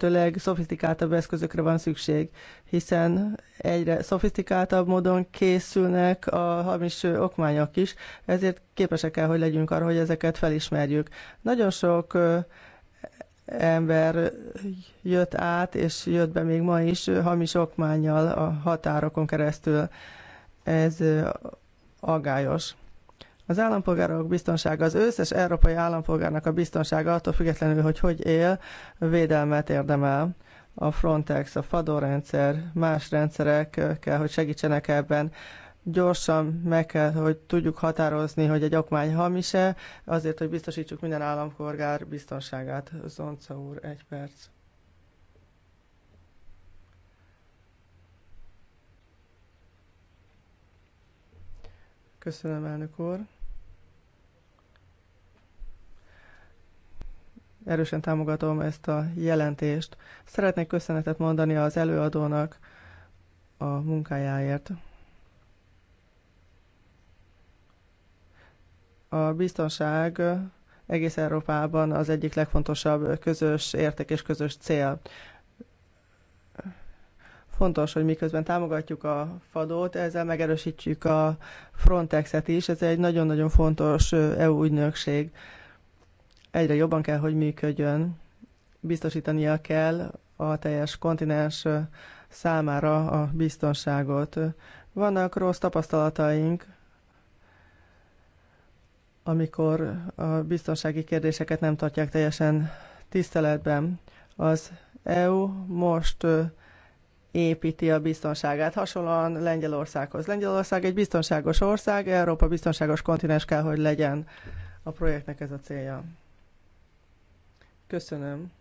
lehetőleg szofisztikáltabb eszközökre van szükség, hiszen egyre szofisztikáltabb módon készülnek a hamis okmányok is, ezért képesek kell, hogy legyünk arra, hogy ezeket felismerjük. Nagyon sok ember jött át, és jött be még ma is hamis okmányjal a határokon keresztül. Ez agályos. Az állampolgárok biztonsága, az összes európai állampolgárnak a biztonsága, attól függetlenül, hogy hogy él, védelmet érdemel. A Frontex, a FADO rendszer, más rendszerek kell, hogy segítsenek ebben gyorsan meg kell, hogy tudjuk határozni, hogy egy okmány hamise, azért, hogy biztosítsuk minden állampolgár biztonságát. Zonca úr, egy perc. Köszönöm, elnök úr. erősen támogatom ezt a jelentést. Szeretnék köszönetet mondani az előadónak a munkájáért. A biztonság egész Európában az egyik legfontosabb közös érték és közös cél. Fontos, hogy miközben támogatjuk a fadót, ezzel megerősítjük a Frontexet is. Ez egy nagyon-nagyon fontos EU ügynökség egyre jobban kell, hogy működjön. Biztosítania kell a teljes kontinens számára a biztonságot. Vannak rossz tapasztalataink, amikor a biztonsági kérdéseket nem tartják teljesen tiszteletben. Az EU most építi a biztonságát, hasonlóan Lengyelországhoz. Lengyelország egy biztonságos ország, Európa biztonságos kontinens kell, hogy legyen. A projektnek ez a célja. Köszönöm.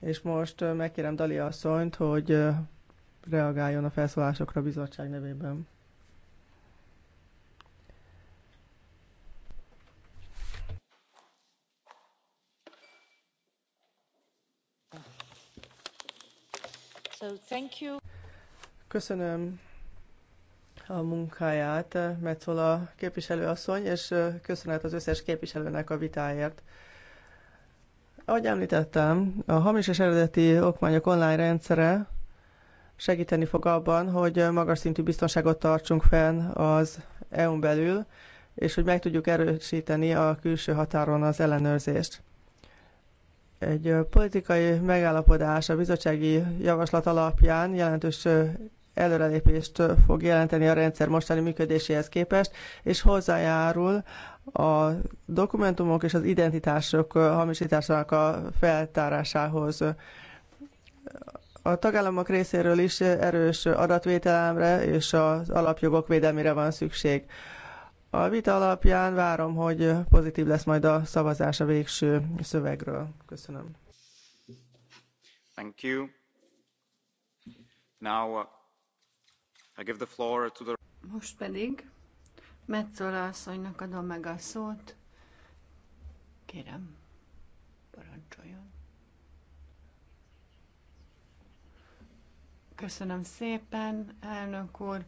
És most megkérem Dali asszonyt, hogy reagáljon a felszólásokra a bizottság nevében. Köszönöm a munkáját, Metzola képviselőasszony, és köszönet az összes képviselőnek a vitáért. Ahogy említettem, a hamis és eredeti okmányok online rendszere segíteni fog abban, hogy magas szintű biztonságot tartsunk fenn az EU-n belül, és hogy meg tudjuk erősíteni a külső határon az ellenőrzést. Egy politikai megállapodás a bizottsági javaslat alapján jelentős előrelépést fog jelenteni a rendszer mostani működéséhez képest, és hozzájárul a dokumentumok és az identitások hamisításának a feltárásához. A tagállamok részéről is erős adatvételemre és az alapjogok védelmére van szükség. A vita alapján várom, hogy pozitív lesz majd a szavazás a végső szövegről. Köszönöm. Thank you. Now, most pedig Metzola asszonynak adom meg a szót. Kérem, parancsoljon. Köszönöm szépen, elnök úr.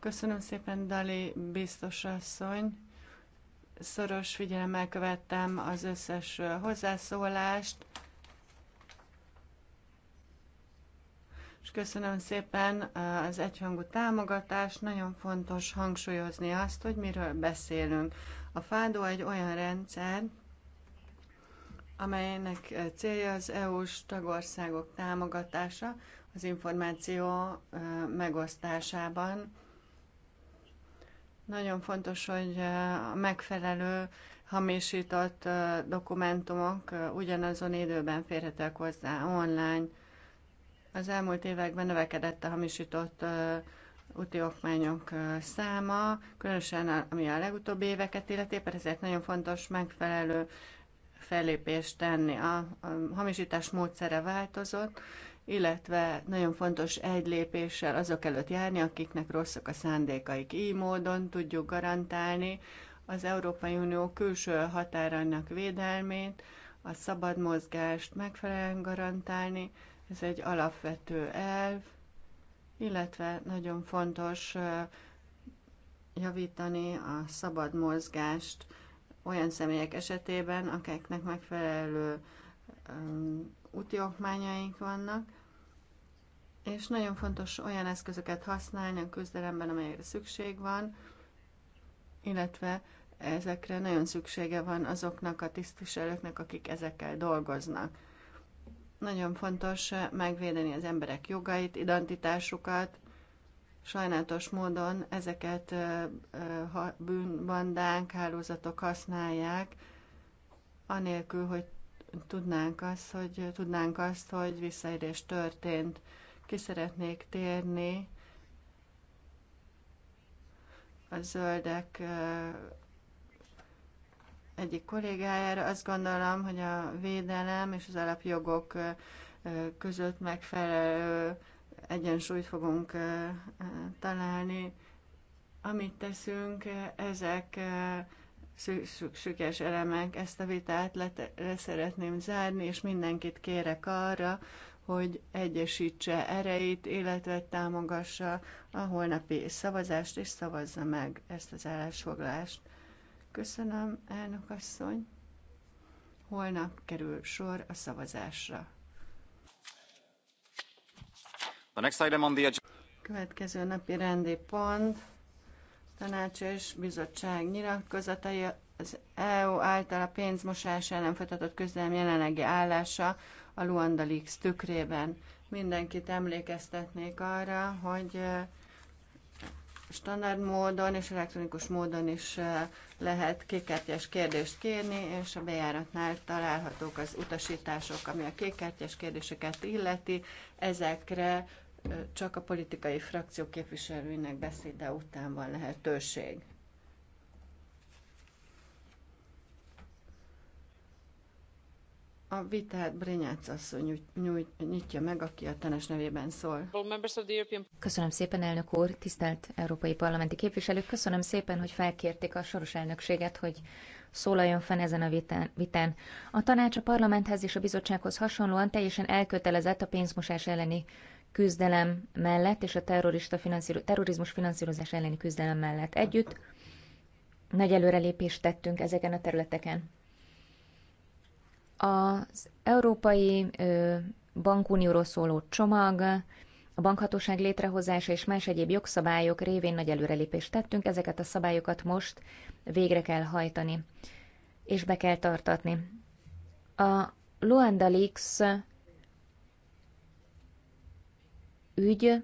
Köszönöm szépen, Dali biztos asszony. Szoros figyelemmel követtem az összes hozzászólást. és köszönöm szépen uh, az egyhangú támogatást. Nagyon fontos hangsúlyozni azt, hogy miről beszélünk. A FÁDO egy olyan rendszer, amelynek célja az EU-s tagországok támogatása az információ uh, megosztásában. Nagyon fontos, hogy uh, a megfelelő hamisított dokumentumok ugyanazon időben férhetek hozzá online. Az elmúlt években növekedett a hamisított úti okmányok száma, különösen ami a legutóbbi éveket illeti, ezért nagyon fontos megfelelő fellépést tenni. A, a hamisítás módszere változott, illetve nagyon fontos egy lépéssel azok előtt járni, akiknek rosszak a szándékaik. Így módon tudjuk garantálni az Európai Unió külső határainak védelmét, a szabad mozgást megfelelően garantálni, ez egy alapvető elv, illetve nagyon fontos javítani a szabad mozgást olyan személyek esetében, akiknek megfelelő úti okmányaink vannak, és nagyon fontos olyan eszközöket használni a küzdelemben, amelyekre szükség van, illetve ezekre nagyon szüksége van azoknak a tisztviselőknek, akik ezekkel dolgoznak. Nagyon fontos eh, megvédeni az emberek jogait, identitásukat. Sajnálatos módon ezeket eh, eh, bűnbandánk, hálózatok használják, anélkül, hogy tudnánk azt, hogy, tudnánk azt, hogy visszaérés történt. Ki szeretnék térni a zöldek egyik kollégájára. Azt gondolom, hogy a védelem és az alapjogok között megfelelő egyensúlyt fogunk találni. Amit teszünk, ezek szükséges elemek. Ezt a vitát le, szeretném zárni, és mindenkit kérek arra, hogy egyesítse erejét, illetve támogassa a holnapi szavazást, és szavazza meg ezt az állásfoglalást. Köszönöm, elnök asszony. Holnap kerül sor a szavazásra. The next item on the Következő napi rendi pont, tanács és bizottság nyilatkozatai az EU által a pénzmosás ellen folytatott küzdelem jelenlegi állása a Luanda Leaks tükrében. Mindenkit emlékeztetnék arra, hogy standard módon és elektronikus módon is lehet kékkártyás kérdést kérni, és a bejáratnál találhatók az utasítások, ami a kékkártyás kérdéseket illeti. Ezekre csak a politikai frakció képviselőinek beszéde után van lehetőség. A vitát Brinyác asszony nyitja meg, aki a tenes nevében szól. Köszönöm szépen, elnök úr, tisztelt európai parlamenti képviselők, köszönöm szépen, hogy felkérték a soros elnökséget, hogy szólaljon fenn ezen a vitán. A tanács a parlamenthez és a bizottsághoz hasonlóan teljesen elkötelezett a pénzmosás elleni küzdelem mellett és a terrorista finanszíro- terrorizmus finanszírozás elleni küzdelem mellett együtt. Nagy előrelépést tettünk ezeken a területeken. Az Európai Bankunióról szóló csomag, a bankhatóság létrehozása és más egyéb jogszabályok révén nagy előrelépést tettünk, ezeket a szabályokat most végre kell hajtani, és be kell tartatni. A Luanda Leaks ügy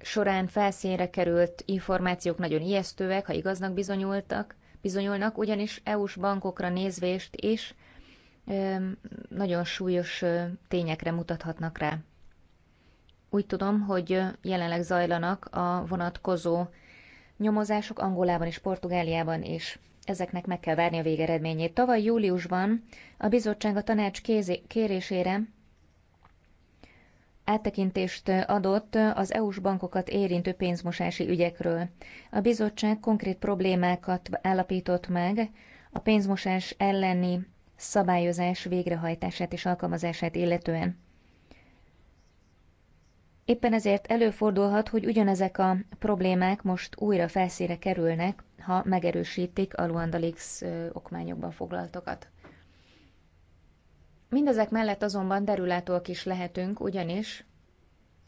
során felszínre került információk nagyon ijesztőek, ha igaznak bizonyultak, bizonyulnak, ugyanis EU-s bankokra nézvést is nagyon súlyos tényekre mutathatnak rá. Úgy tudom, hogy jelenleg zajlanak a vonatkozó nyomozások Angolában és Portugáliában is. Ezeknek meg kell várni a végeredményét. Tavaly júliusban a bizottság a tanács kérésére áttekintést adott az EU-s bankokat érintő pénzmosási ügyekről. A bizottság konkrét problémákat állapított meg a pénzmosás elleni szabályozás végrehajtását és alkalmazását illetően. Éppen ezért előfordulhat, hogy ugyanezek a problémák most újra felszíre kerülnek, ha megerősítik a Luanda Leaks okmányokban foglaltokat. Mindezek mellett azonban derülátóak is lehetünk, ugyanis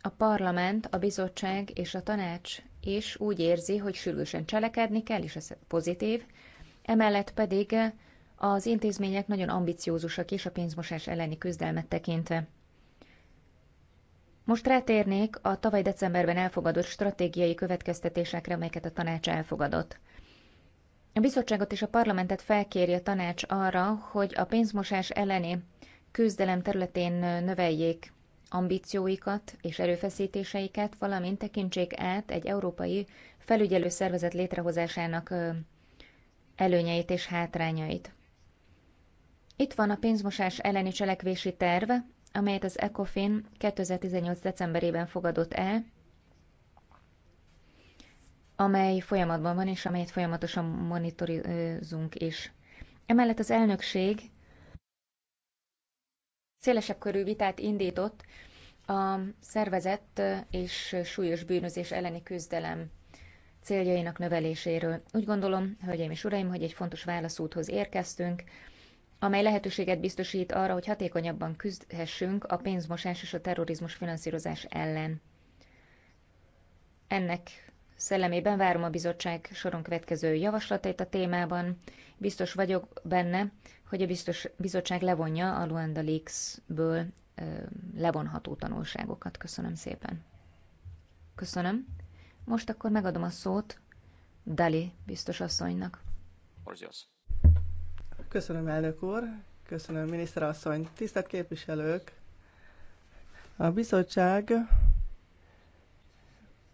a parlament, a bizottság és a tanács is úgy érzi, hogy sürgősen cselekedni kell, és ez pozitív, emellett pedig az intézmények nagyon ambiciózusak is a pénzmosás elleni küzdelmet tekintve. Most rátérnék a tavaly decemberben elfogadott stratégiai következtetésekre, amelyeket a tanács elfogadott. A bizottságot és a parlamentet felkéri a tanács arra, hogy a pénzmosás elleni küzdelem területén növeljék ambícióikat és erőfeszítéseiket, valamint tekintsék át egy európai felügyelő szervezet létrehozásának előnyeit és hátrányait. Itt van a pénzmosás elleni cselekvési terv, amelyet az ECOFIN 2018. decemberében fogadott el, amely folyamatban van, és amelyet folyamatosan monitorizunk is. Emellett az elnökség szélesebb körű vitát indított a szervezett és súlyos bűnözés elleni küzdelem céljainak növeléséről. Úgy gondolom, hölgyeim és uraim, hogy egy fontos válaszúthoz érkeztünk, amely lehetőséget biztosít arra, hogy hatékonyabban küzdhessünk a pénzmosás és a terrorizmus finanszírozás ellen. Ennek szellemében várom a bizottság soron következő javaslatait a témában. Biztos vagyok benne, hogy a biztos, bizottság levonja a Luanda Leaks-ből levonható tanulságokat. Köszönöm szépen. Köszönöm. Most akkor megadom a szót Dali biztos asszonynak. Orziasz. Köszönöm, elnök úr, köszönöm, miniszterasszony, tisztelt képviselők. A bizottság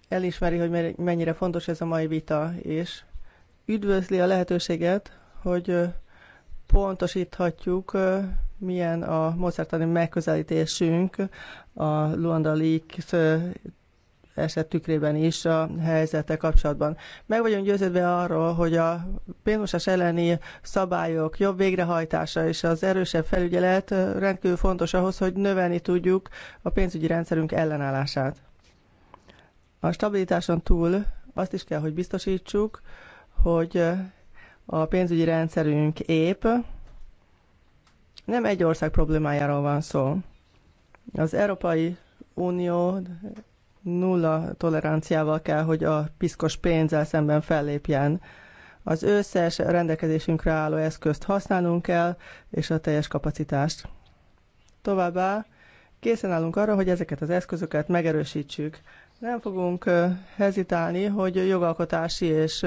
elismeri, hogy mennyire fontos ez a mai vita, és üdvözli a lehetőséget, hogy pontosíthatjuk, milyen a mozertani megközelítésünk a Luanda Leaks eset tükrében is a helyzete kapcsolatban. Meg vagyunk győződve arról, hogy a pénzmosás elleni szabályok jobb végrehajtása és az erősebb felügyelet rendkívül fontos ahhoz, hogy növelni tudjuk a pénzügyi rendszerünk ellenállását. A stabilitáson túl azt is kell, hogy biztosítsuk, hogy a pénzügyi rendszerünk épp, nem egy ország problémájáról van szó. Az Európai Unió nulla toleranciával kell, hogy a piszkos pénzzel szemben fellépjen. Az összes rendelkezésünkre álló eszközt használnunk kell, és a teljes kapacitást. Továbbá készen állunk arra, hogy ezeket az eszközöket megerősítsük. Nem fogunk hezitálni, hogy jogalkotási és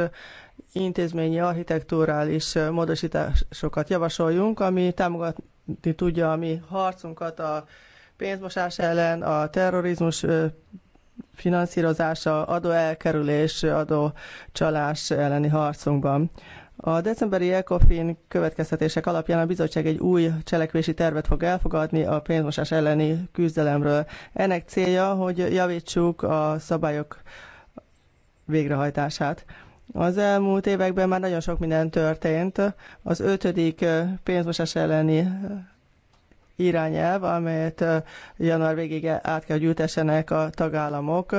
intézményi architekturális módosításokat javasoljunk, ami támogatni tudja a mi harcunkat a pénzmosás ellen, a terrorizmus finanszírozása, adóelkerülés, adócsalás elleni harcunkban. A decemberi ECOFIN következtetések alapján a bizottság egy új cselekvési tervet fog elfogadni a pénzmosás elleni küzdelemről. Ennek célja, hogy javítsuk a szabályok végrehajtását. Az elmúlt években már nagyon sok minden történt. Az ötödik pénzmosás elleni irányelv, amelyet január végéig át kell gyűjtessenek a tagállamok,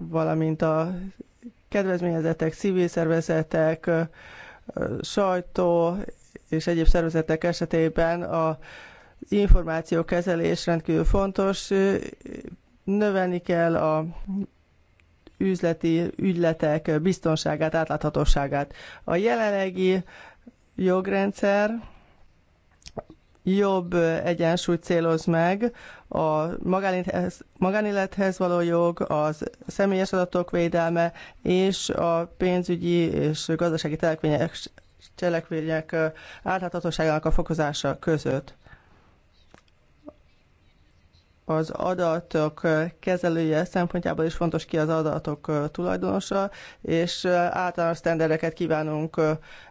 valamint a kedvezményezetek, civil szervezetek, sajtó és egyéb szervezetek esetében a információ kezelés rendkívül fontos. Növelni kell a üzleti ügyletek biztonságát, átláthatóságát. A jelenlegi jogrendszer jobb egyensúlyt céloz meg a magánélethez, való jog, az személyes adatok védelme és a pénzügyi és gazdasági telekvények, cselekvények átláthatóságának a fokozása között. Az adatok kezelője szempontjából is fontos ki az adatok tulajdonosa, és általános sztendereket kívánunk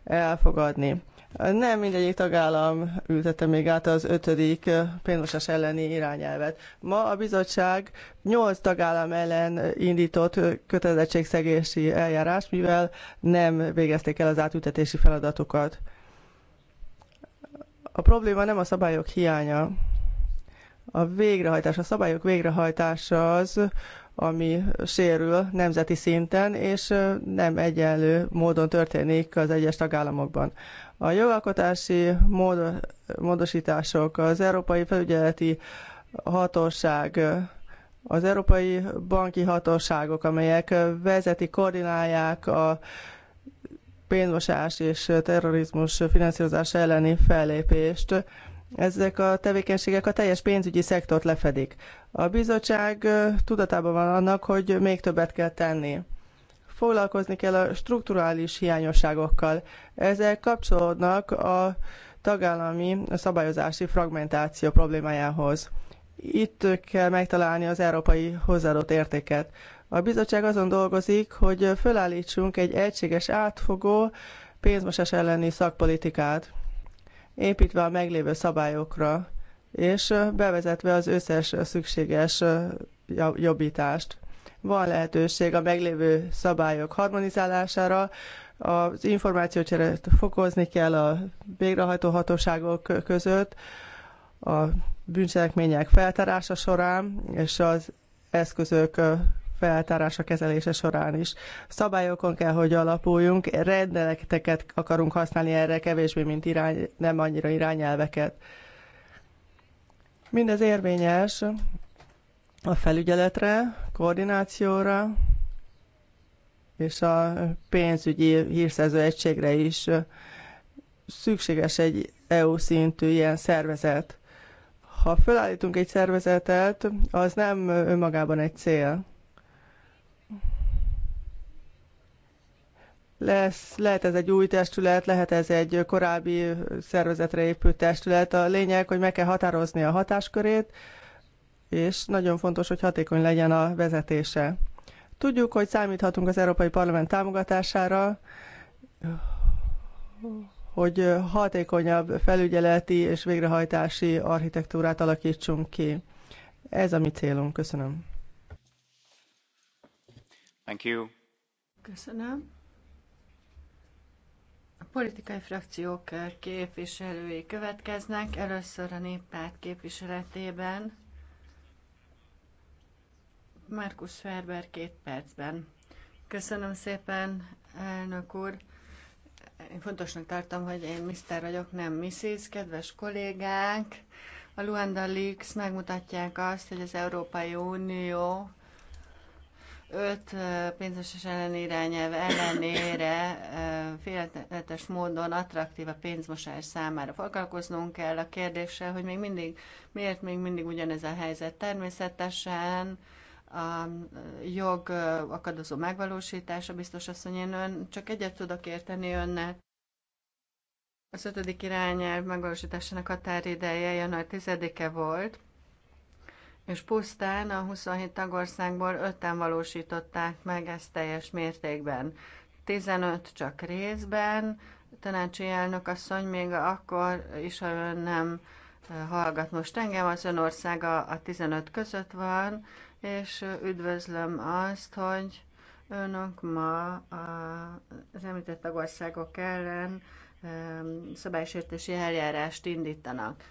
elfogadni nem mindegyik tagállam ültette még át az ötödik pénzmosás elleni irányelvet. Ma a bizottság nyolc tagállam ellen indított kötelezettségszegési eljárás mivel nem végezték el az átültetési feladatokat. A probléma nem a szabályok hiánya, a végrehajtás, a szabályok végrehajtása az, ami sérül nemzeti szinten, és nem egyenlő módon történik az egyes tagállamokban. A jogalkotási mód, módosítások, az Európai Felügyeleti Hatóság, az Európai Banki Hatóságok, amelyek vezeti koordinálják a pénzmosás és terrorizmus finanszírozása elleni fellépést, ezek a tevékenységek a teljes pénzügyi szektort lefedik. A bizottság tudatában van annak, hogy még többet kell tenni foglalkozni kell a strukturális hiányosságokkal. Ezek kapcsolódnak a tagállami szabályozási fragmentáció problémájához. Itt kell megtalálni az európai hozzáadott értéket. A bizottság azon dolgozik, hogy fölállítsunk egy egységes átfogó pénzmosás elleni szakpolitikát, építve a meglévő szabályokra, és bevezetve az összes szükséges jobbítást. Van lehetőség a meglévő szabályok harmonizálására, az információcseret fokozni kell a végrehajtó hatóságok között, a bűncselekmények feltárása során, és az eszközök feltárása kezelése során is. Szabályokon kell, hogy alapuljunk, rendeleteket akarunk használni erre kevésbé, mint irány, nem annyira irányelveket. Mindez érvényes a felügyeletre, koordinációra, és a pénzügyi hírszerző egységre is szükséges egy EU szintű ilyen szervezet. Ha felállítunk egy szervezetet, az nem önmagában egy cél. Lesz, lehet ez egy új testület, lehet ez egy korábbi szervezetre épült testület. A lényeg, hogy meg kell határozni a hatáskörét, és nagyon fontos, hogy hatékony legyen a vezetése. Tudjuk, hogy számíthatunk az Európai Parlament támogatására, hogy hatékonyabb felügyeleti és végrehajtási architektúrát alakítsunk ki. Ez a mi célunk. Köszönöm. Thank you. Köszönöm. A politikai frakciók képviselői következnek, először a néppárt képviseletében. Márkus Ferber két percben. Köszönöm szépen, elnök úr. Én fontosnak tartom, hogy én Mr. vagyok, nem Mrs. Kedves kollégánk, a Luanda Leaks megmutatják azt, hogy az Európai Unió öt pénzes ellen ellenére félretes módon attraktív a pénzmosás számára. Foglalkoznunk kell a kérdéssel, hogy még mindig, miért még mindig ugyanez a helyzet. Természetesen a jog akadozó megvalósítása, biztos asszony, én ön csak egyet tudok érteni önnel. Az ötödik irányelv megvalósításának határideje január 10-e volt, és pusztán a 27 tagországból 5 valósították meg ezt teljes mértékben. 15 csak részben, tanácsi elnök asszony még akkor is, ha ön nem hallgat most engem, az ön országa a 15 között van, és üdvözlöm azt, hogy önök ma az említett tagországok ellen szabálysértési eljárást indítanak.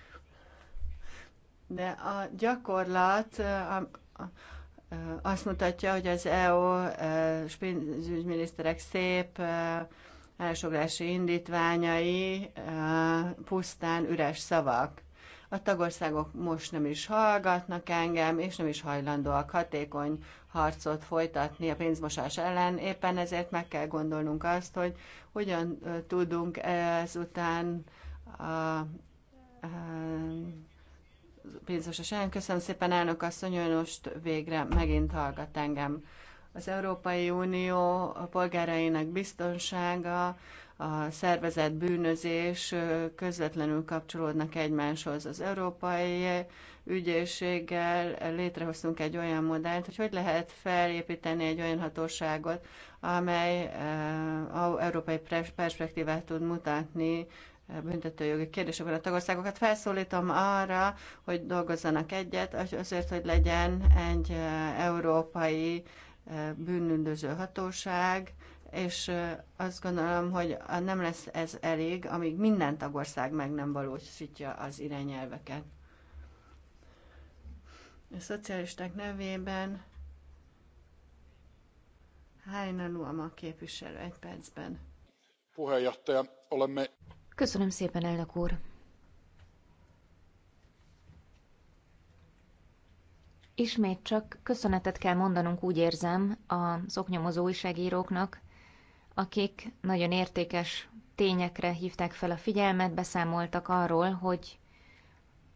De a gyakorlat azt mutatja, hogy az EU e, pénzügyminiszterek szép e, elsoglási indítványai e, pusztán üres szavak. A tagországok most nem is hallgatnak engem, és nem is hajlandóak hatékony harcot folytatni a pénzmosás ellen. Éppen ezért meg kell gondolnunk azt, hogy hogyan tudunk ezután a, a, pénzmosás ellen. Köszönöm szépen, elnök asszony, most végre megint hallgat engem. Az Európai Unió a polgárainak biztonsága, a szervezett bűnözés közvetlenül kapcsolódnak egymáshoz. Az Európai Ügyészséggel létrehoztunk egy olyan modellt, hogy hogy lehet felépíteni egy olyan hatóságot, amely európai perspektívát tud mutatni büntetőjogi kérdésekben a tagországokat. Felszólítom arra, hogy dolgozzanak egyet, azért, hogy legyen egy európai bűnüldöző hatóság, és azt gondolom, hogy nem lesz ez elég, amíg minden tagország meg nem valósítja az irányelveket. A szocialisták nevében Hájna Luama képviselő egy percben. Köszönöm szépen, elnök úr! Ismét csak köszönetet kell mondanunk, úgy érzem, a szoknyomozó újságíróknak, akik nagyon értékes tényekre hívták fel a figyelmet, beszámoltak arról, hogy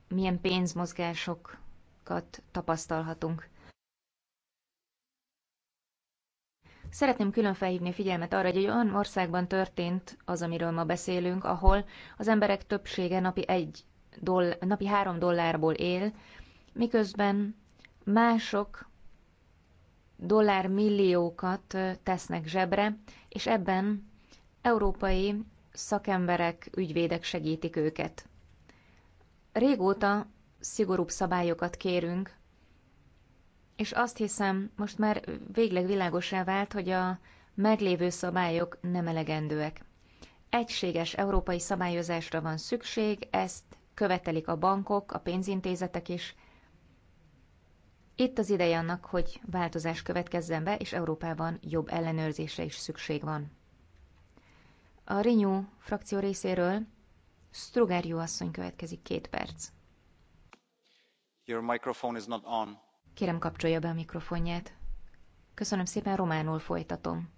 milyen pénzmozgásokat tapasztalhatunk. Szeretném külön felhívni figyelmet arra, hogy egy olyan országban történt az, amiről ma beszélünk, ahol az emberek többsége napi, egy doll- napi három dollárból él, miközben mások dollármilliókat tesznek zsebre, és ebben európai szakemberek, ügyvédek segítik őket. Régóta szigorúbb szabályokat kérünk, és azt hiszem, most már végleg világosá vált, hogy a meglévő szabályok nem elegendőek. Egységes európai szabályozásra van szükség, ezt követelik a bankok, a pénzintézetek is, itt az ideje annak, hogy változás következzen be, és Európában jobb ellenőrzésre is szükség van. A Renew frakció részéről Strugerjú asszony következik két perc. Your microphone is not on. Kérem, kapcsolja be a mikrofonját. Köszönöm szépen, románul folytatom.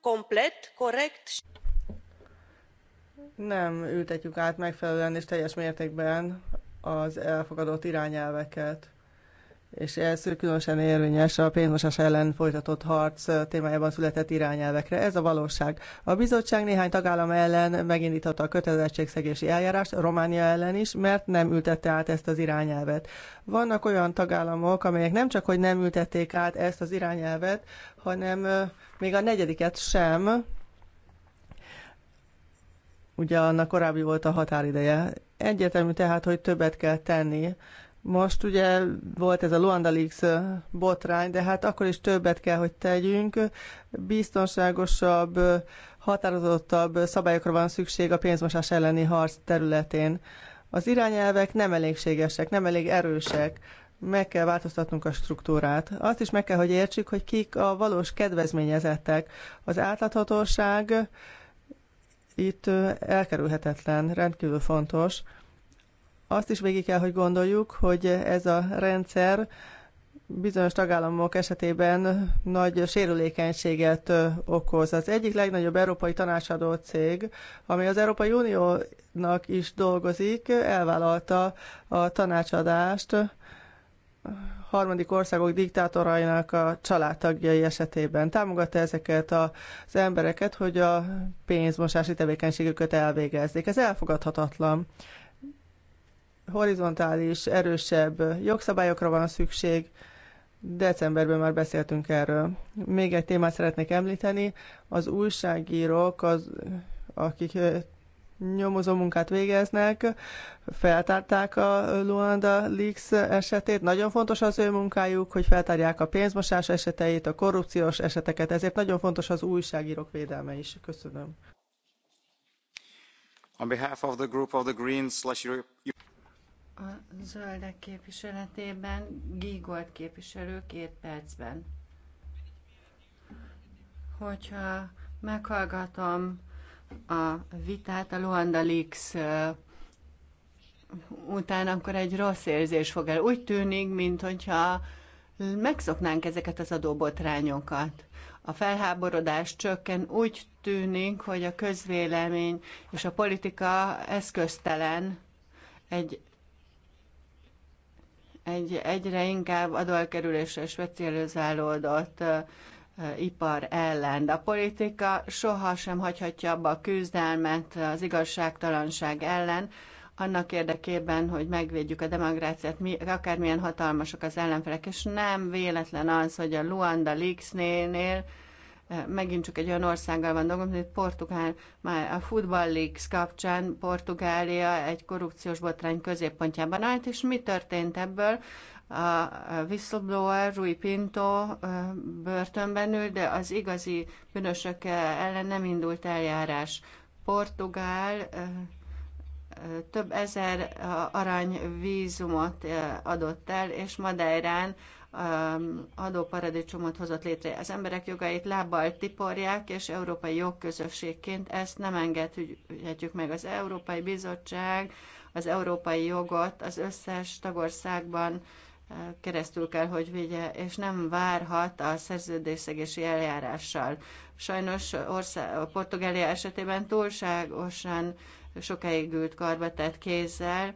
komplett, korrekt. Nem ültetjük át megfelelően és teljes mértékben az elfogadott irányelveket és ez különösen érvényes a pénzmosás ellen folytatott harc témájában született irányelvekre. Ez a valóság. A bizottság néhány tagállam ellen megindította a kötelezettségszegési eljárást, Románia ellen is, mert nem ültette át ezt az irányelvet. Vannak olyan tagállamok, amelyek nem csak, hogy nem ültették át ezt az irányelvet, hanem még a negyediket sem, ugye annak korábbi volt a határideje. Egyértelmű tehát, hogy többet kell tenni most ugye volt ez a Luanda Leaks botrány, de hát akkor is többet kell, hogy tegyünk. Biztonságosabb, határozottabb szabályokra van szükség a pénzmosás elleni harc területén. Az irányelvek nem elégségesek, nem elég erősek. Meg kell változtatnunk a struktúrát. Azt is meg kell, hogy értsük, hogy kik a valós kedvezményezettek. Az átláthatóság itt elkerülhetetlen, rendkívül fontos azt is végig kell, hogy gondoljuk, hogy ez a rendszer bizonyos tagállamok esetében nagy sérülékenységet okoz. Az egyik legnagyobb európai tanácsadó cég, ami az Európai Uniónak is dolgozik, elvállalta a tanácsadást harmadik országok diktátorainak a családtagjai esetében. Támogatta ezeket az embereket, hogy a pénzmosási tevékenységüket elvégezzék. Ez elfogadhatatlan horizontális, erősebb jogszabályokra van szükség. Decemberben már beszéltünk erről. Még egy témát szeretnék említeni. Az újságírók, az, akik nyomozó munkát végeznek, feltárták a Luanda Leaks esetét. Nagyon fontos az ő munkájuk, hogy feltárják a pénzmosás eseteit, a korrupciós eseteket, ezért nagyon fontos az újságírók védelme is. Köszönöm. On behalf of the group of the Greens, a zöldek képviseletében Gígolt képviselő két percben. Hogyha meghallgatom a vitát a Luanda Leaks után, akkor egy rossz érzés fog el. Úgy tűnik, mintha megszoknánk ezeket az adóbotrányokat. A felháborodás csökken, úgy tűnik, hogy a közvélemény és a politika eszköztelen egy egy egyre inkább és specializálódott ipar ellen. De a politika soha sem hagyhatja abba a küzdelmet az igazságtalanság ellen, annak érdekében, hogy megvédjük a demokráciát, mi, akármilyen hatalmasak az ellenfelek, és nem véletlen az, hogy a Luanda Leaks-nél megint csak egy olyan országgal van dolgom, hogy Portugál, már a Football Leagues kapcsán Portugália egy korrupciós botrány középpontjában állt, és mi történt ebből? A whistleblower Rui Pinto börtönben ül, de az igazi bűnösök ellen nem indult eljárás. Portugál több ezer arany vízumot adott el, és Madeirán Um, adóparadicsomot hozott létre. Az emberek jogait lábbal tiporják, és európai jogközösségként ezt nem engedhetjük meg. Az Európai Bizottság az európai jogot az összes tagországban uh, keresztül kell, hogy vigye, és nem várhat a szerződésszegési eljárással. Sajnos ország, Portugália esetében túlságosan sokáig ült karba tett kézzel,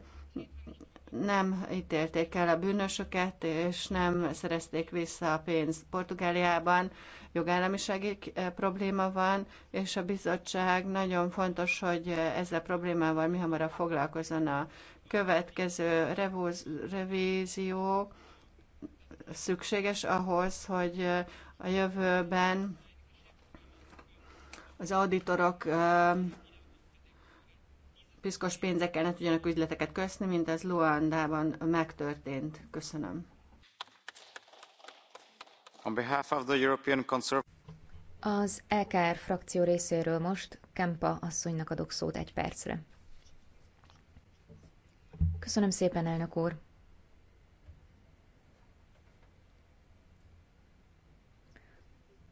nem ítélték el a bűnösöket, és nem szerezték vissza a pénzt. Portugáliában jogállamisági eh, probléma van, és a bizottság nagyon fontos, hogy eh, ezzel problémával mi hamarabb foglalkozzon a következő revízió szükséges ahhoz, hogy eh, a jövőben az auditorok piszkos pénzekkel ne tudjanak üzleteket köszni, mint ez Luandában megtörtént. Köszönöm. On behalf of the European az EKR frakció részéről most Kempa asszonynak adok szót egy percre. Köszönöm szépen, elnök úr!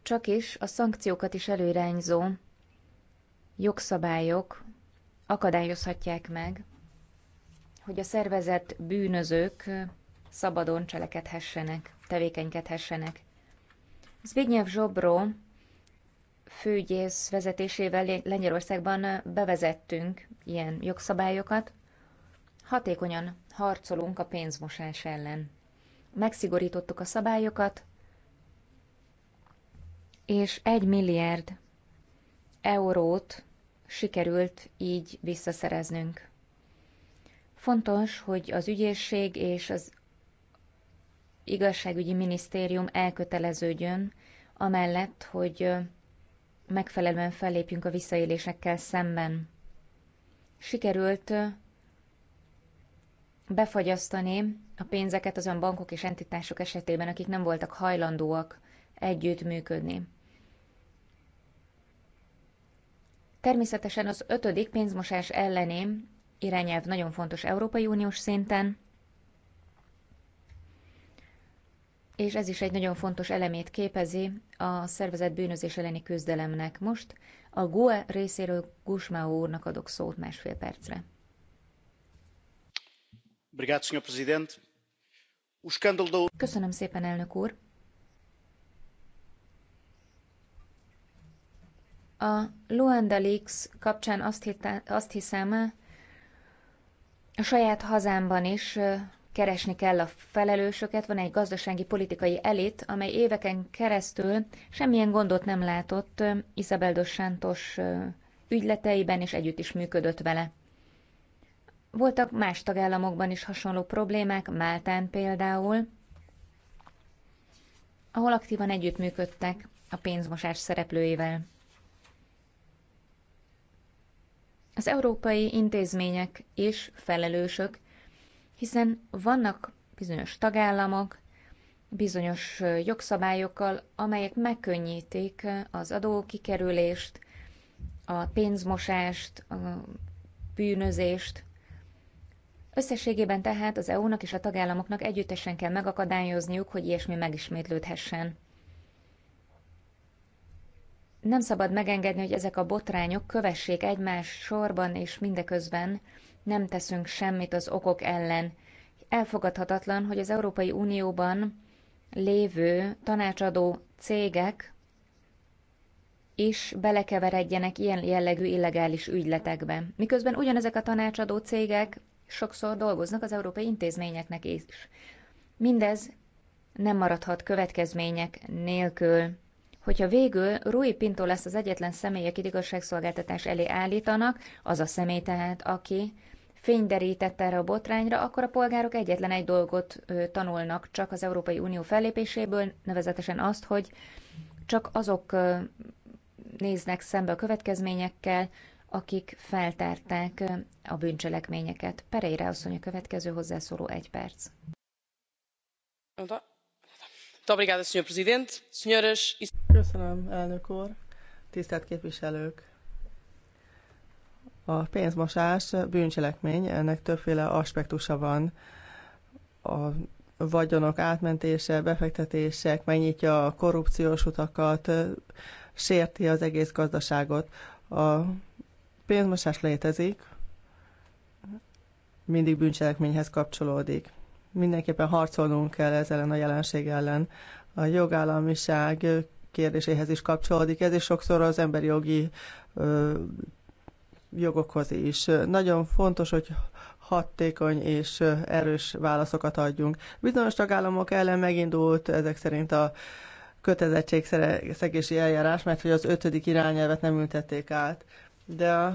Csak is a szankciókat is előirányzó jogszabályok akadályozhatják meg, hogy a szervezett bűnözők szabadon cselekedhessenek, tevékenykedhessenek. Zbigniew Zsobró főügyész vezetésével Lengyelországban bevezettünk ilyen jogszabályokat, hatékonyan harcolunk a pénzmosás ellen. Megszigorítottuk a szabályokat, és egy milliárd eurót sikerült így visszaszereznünk. Fontos, hogy az ügyészség és az igazságügyi minisztérium elköteleződjön, amellett, hogy megfelelően fellépjünk a visszaélésekkel szemben. Sikerült befagyasztani a pénzeket azon bankok és entitások esetében, akik nem voltak hajlandóak együttműködni. Természetesen az ötödik pénzmosás elleni irányelv nagyon fontos Európai Uniós szinten, és ez is egy nagyon fontos elemét képezi a szervezett bűnözés elleni küzdelemnek. Most a GUE részéről Gusmao úrnak adok szót másfél percre. Köszönöm szépen, elnök úr! A Luanda Leaks kapcsán azt, hitte, azt hiszem, a saját hazámban is keresni kell a felelősöket, van egy gazdasági politikai elit, amely éveken keresztül semmilyen gondot nem látott Isabel dos Santos ügyleteiben, és együtt is működött vele. Voltak más tagállamokban is hasonló problémák, Máltán például, ahol aktívan együttműködtek a pénzmosás szereplőivel. Az európai intézmények is felelősök, hiszen vannak bizonyos tagállamok, bizonyos jogszabályokkal, amelyek megkönnyítik az adókikerülést, a pénzmosást, a bűnözést. Összességében tehát az EU-nak és a tagállamoknak együttesen kell megakadályozniuk, hogy ilyesmi megismétlődhessen nem szabad megengedni, hogy ezek a botrányok kövessék egymást sorban, és mindeközben nem teszünk semmit az okok ellen. Elfogadhatatlan, hogy az Európai Unióban lévő tanácsadó cégek is belekeveredjenek ilyen jellegű illegális ügyletekbe. Miközben ugyanezek a tanácsadó cégek sokszor dolgoznak az európai intézményeknek is. Mindez nem maradhat következmények nélkül hogyha végül Rui Pinto lesz az egyetlen személy, akit igazságszolgáltatás elé állítanak, az a személy tehát, aki fényderített erre a botrányra, akkor a polgárok egyetlen egy dolgot tanulnak csak az Európai Unió fellépéséből, nevezetesen azt, hogy csak azok néznek szembe a következményekkel, akik feltárták a bűncselekményeket. Pereira asszony a következő hozzászóló egy perc. E elnök úr. Tisztelt képviselők! A pénzmosás bűncselekmény, ennek többféle aspektusa van. A vagyonok átmentése, befektetések, megnyitja a korrupciós utakat, sérti az egész gazdaságot. A pénzmosás létezik, mindig bűncselekményhez kapcsolódik mindenképpen harcolnunk kell ezzel ellen a jelenség ellen. A jogállamiság kérdéséhez is kapcsolódik ez, és sokszor az emberi jogi ö, jogokhoz is. Nagyon fontos, hogy hatékony és erős válaszokat adjunk. Bizonyos tagállamok ellen megindult ezek szerint a kötelezettségszegési eljárás, mert hogy az ötödik irányelvet nem ültették át. De a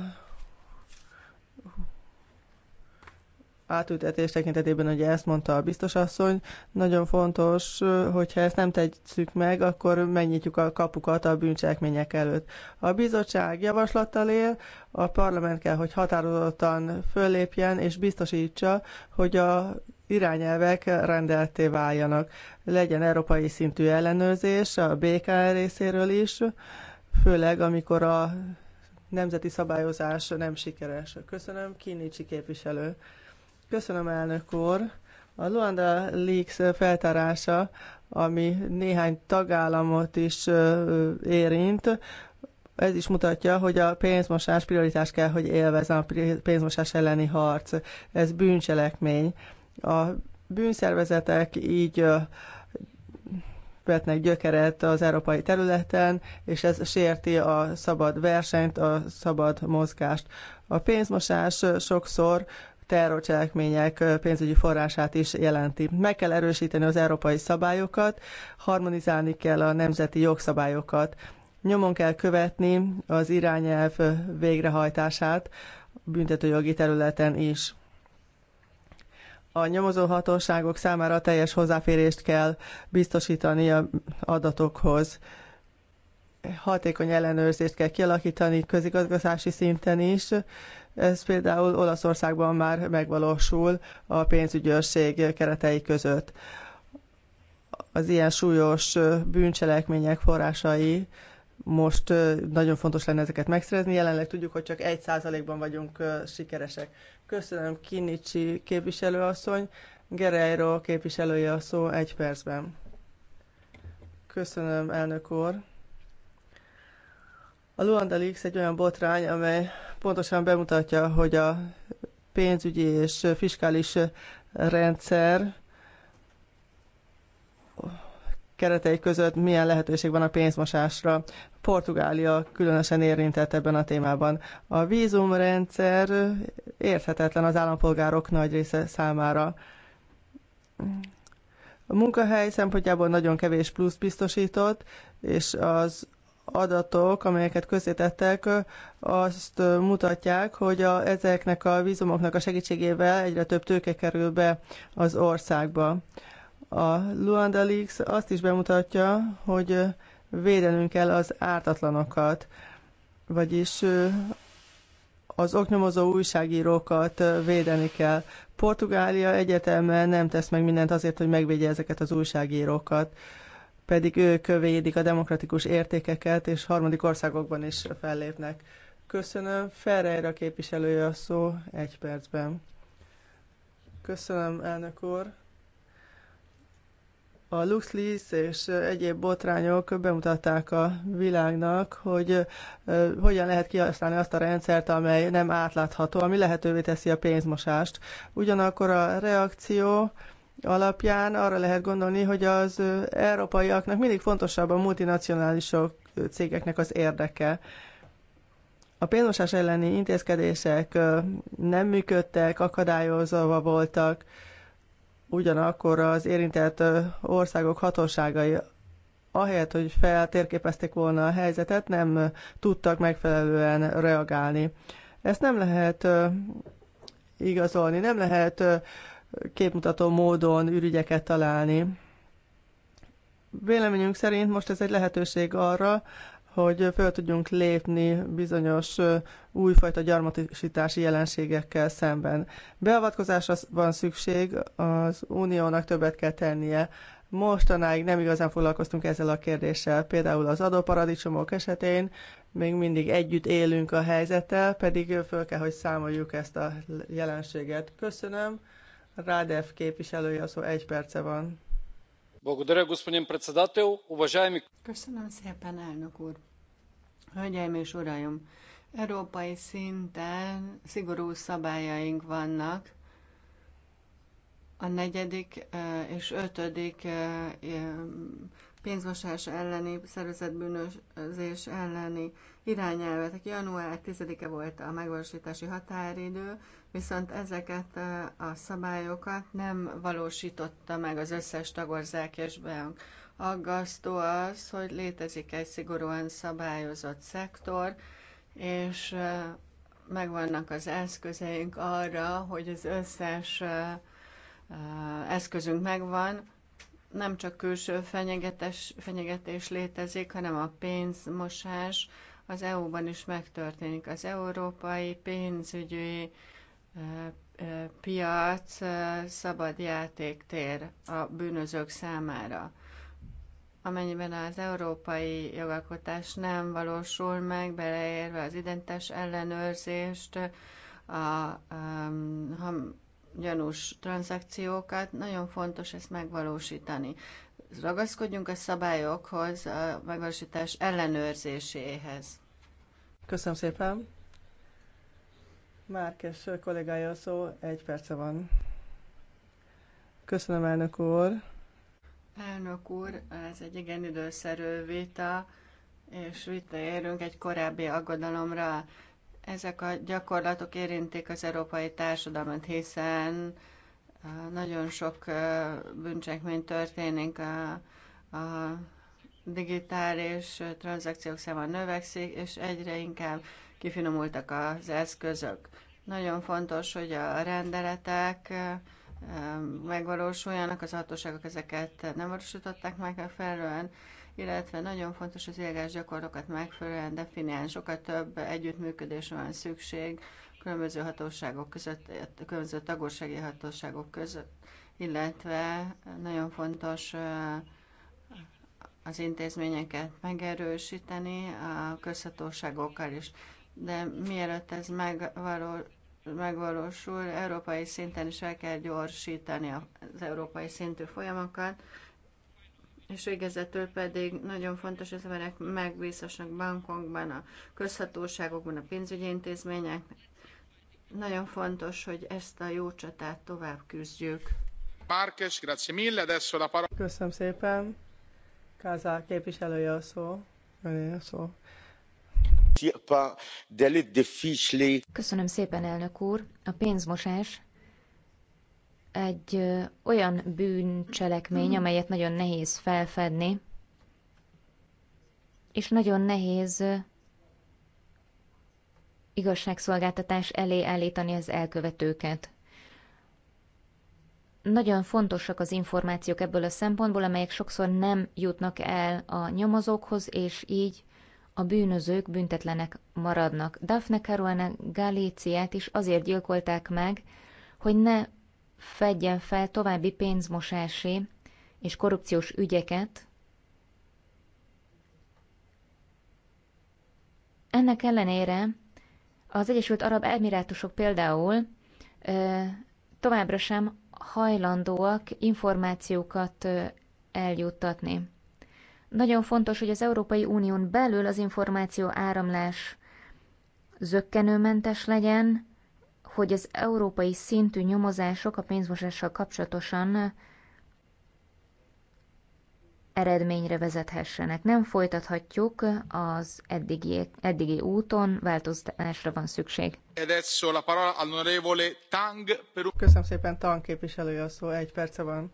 átültetés tekintetében, ugye ezt mondta a biztosasszony, nagyon fontos, hogyha ezt nem tetszük meg, akkor megnyitjuk a kapukat a bűncselekmények előtt. A bizottság javaslattal él, a parlament kell, hogy határozottan föllépjen és biztosítsa, hogy a irányelvek rendelté váljanak. Legyen európai szintű ellenőrzés a BKR részéről is, főleg amikor a nemzeti szabályozás nem sikeres. Köszönöm, Kinnicsi képviselő. Köszönöm, elnök úr. A Luanda Leaks feltárása, ami néhány tagállamot is érint, ez is mutatja, hogy a pénzmosás prioritás kell, hogy élvezzen a pénzmosás elleni harc. Ez bűncselekmény. A bűnszervezetek így vetnek gyökeret az európai területen, és ez sérti a szabad versenyt, a szabad mozgást. A pénzmosás sokszor terrorcselekmények pénzügyi forrását is jelenti. Meg kell erősíteni az európai szabályokat, harmonizálni kell a nemzeti jogszabályokat. Nyomon kell követni az irányelv végrehajtását büntetőjogi területen is a nyomozó hatóságok számára teljes hozzáférést kell biztosítani a adatokhoz. Hatékony ellenőrzést kell kialakítani közigazgatási szinten is, ez például Olaszországban már megvalósul a pénzügyőrség keretei között. Az ilyen súlyos bűncselekmények forrásai most nagyon fontos lenne ezeket megszerezni. Jelenleg tudjuk, hogy csak egy százalékban vagyunk sikeresek. Köszönöm Kinicsi képviselőasszony, Gerejro képviselője a szó egy percben. Köszönöm, elnök úr. A Luanda Leaks egy olyan botrány, amely pontosan bemutatja, hogy a pénzügyi és fiskális rendszer keretei között milyen lehetőség van a pénzmosásra. Portugália különösen érintett ebben a témában. A vízumrendszer érthetetlen az állampolgárok nagy része számára. A munkahely szempontjából nagyon kevés plusz biztosított, és az adatok, amelyeket közzétettek, azt mutatják, hogy a, ezeknek a vízumoknak a segítségével egyre több tőke kerül be az országba. A Luanda Leaks azt is bemutatja, hogy védenünk kell az ártatlanokat, vagyis az oknyomozó újságírókat védeni kell. Portugália egyetemen nem tesz meg mindent azért, hogy megvédje ezeket az újságírókat pedig ők védik a demokratikus értékeket, és harmadik országokban is fellépnek. Köszönöm. Ferreira képviselője a szó egy percben. Köszönöm, elnök úr. A LuxLeaks és egyéb botrányok bemutatták a világnak, hogy hogyan lehet kihasználni azt a rendszert, amely nem átlátható, ami lehetővé teszi a pénzmosást. Ugyanakkor a reakció alapján arra lehet gondolni, hogy az európaiaknak mindig fontosabb a multinacionálisok cégeknek az érdeke. A pénzmosás elleni intézkedések nem működtek, akadályozva voltak, ugyanakkor az érintett országok hatóságai ahelyett, hogy feltérképezték volna a helyzetet, nem tudtak megfelelően reagálni. Ezt nem lehet igazolni, nem lehet képmutató módon ürügyeket találni. Véleményünk szerint most ez egy lehetőség arra, hogy föl tudjunk lépni bizonyos újfajta gyarmatosítási jelenségekkel szemben. Beavatkozásra van szükség, az uniónak többet kell tennie. Mostanáig nem igazán foglalkoztunk ezzel a kérdéssel. Például az adóparadicsomok esetén még mindig együtt élünk a helyzettel, pedig föl kell, hogy számoljuk ezt a jelenséget. Köszönöm. Радев képviselője a szó, egy perce van. Köszönöm szépen, elnök úr. Hölgyeim és uraim, európai szinten szigorú szabályaink vannak, a negyedik eh, és ötödik eh, pénzmosás elleni, bűnözés elleni irányelvetek. Január 10-e volt a megvalósítási határidő, viszont ezeket a szabályokat nem valósította meg az összes tagország és bank. Aggasztó az, hogy létezik egy szigorúan szabályozott szektor, és megvannak az eszközeink arra, hogy az összes eszközünk megvan, nem csak külső fenyegetés, fenyegetés létezik, hanem a pénzmosás az EU-ban is megtörténik. Az európai pénzügyi piac szabad játéktér a bűnözők számára. Amennyiben az európai jogalkotás nem valósul meg, beleérve az identitás ellenőrzést, a, a, a gyanús tranzakciókat, nagyon fontos ezt megvalósítani. Ragaszkodjunk a szabályokhoz, a megvalósítás ellenőrzéséhez. Köszönöm szépen. Márkes kollégája szó, egy perce van. Köszönöm, elnök úr. Elnök úr, ez egy igen időszerű vita, és visszaérünk egy korábbi aggodalomra. Ezek a gyakorlatok érintik az európai társadalmat, hiszen nagyon sok bűncsekmény történik a, a digitális tranzakciók száma növekszik, és egyre inkább kifinomultak az eszközök. Nagyon fontos, hogy a rendeletek megvalósuljanak, az hatóságok ezeket nem valósították meg megfelelően, illetve nagyon fontos az élgás gyakorlatokat megfelelően definiálni. Sokkal több együttműködés van szükség különböző hatóságok között, különböző tagországi hatóságok között, illetve nagyon fontos az intézményeket megerősíteni a közhatóságokkal is. De mielőtt ez megvalósul, megvalósul, európai szinten is el kell gyorsítani az európai szintű folyamokat, és végezetül pedig nagyon fontos, hogy az emberek megbízhassanak bankokban, a közhatóságokban, a pénzügyi intézmények. Nagyon fontos, hogy ezt a jó csatát tovább küzdjük. Márkes, grazie mille, adesso la parola. Köszönöm szépen. Káza képviselője a szó. Öné a szó. Köszönöm szépen, elnök úr. A pénzmosás egy olyan bűncselekmény, hmm. amelyet nagyon nehéz felfedni, és nagyon nehéz igazságszolgáltatás elé állítani az elkövetőket. Nagyon fontosak az információk ebből a szempontból, amelyek sokszor nem jutnak el a nyomozókhoz, és így a bűnözők büntetlenek maradnak. Daphne Caruana Galíciát is azért gyilkolták meg, hogy ne fedjen fel további pénzmosási és korrupciós ügyeket. Ennek ellenére az Egyesült Arab Emirátusok például továbbra sem hajlandóak információkat eljuttatni. Nagyon fontos, hogy az Európai Unión belül az információ áramlás zöggenőmentes legyen, hogy az európai szintű nyomozások a pénzmosással kapcsolatosan eredményre vezethessenek. Nem folytathatjuk az eddigi, eddigi úton, változtatásra van szükség. Köszönöm szépen, Tang képviselője a szó, egy perce van.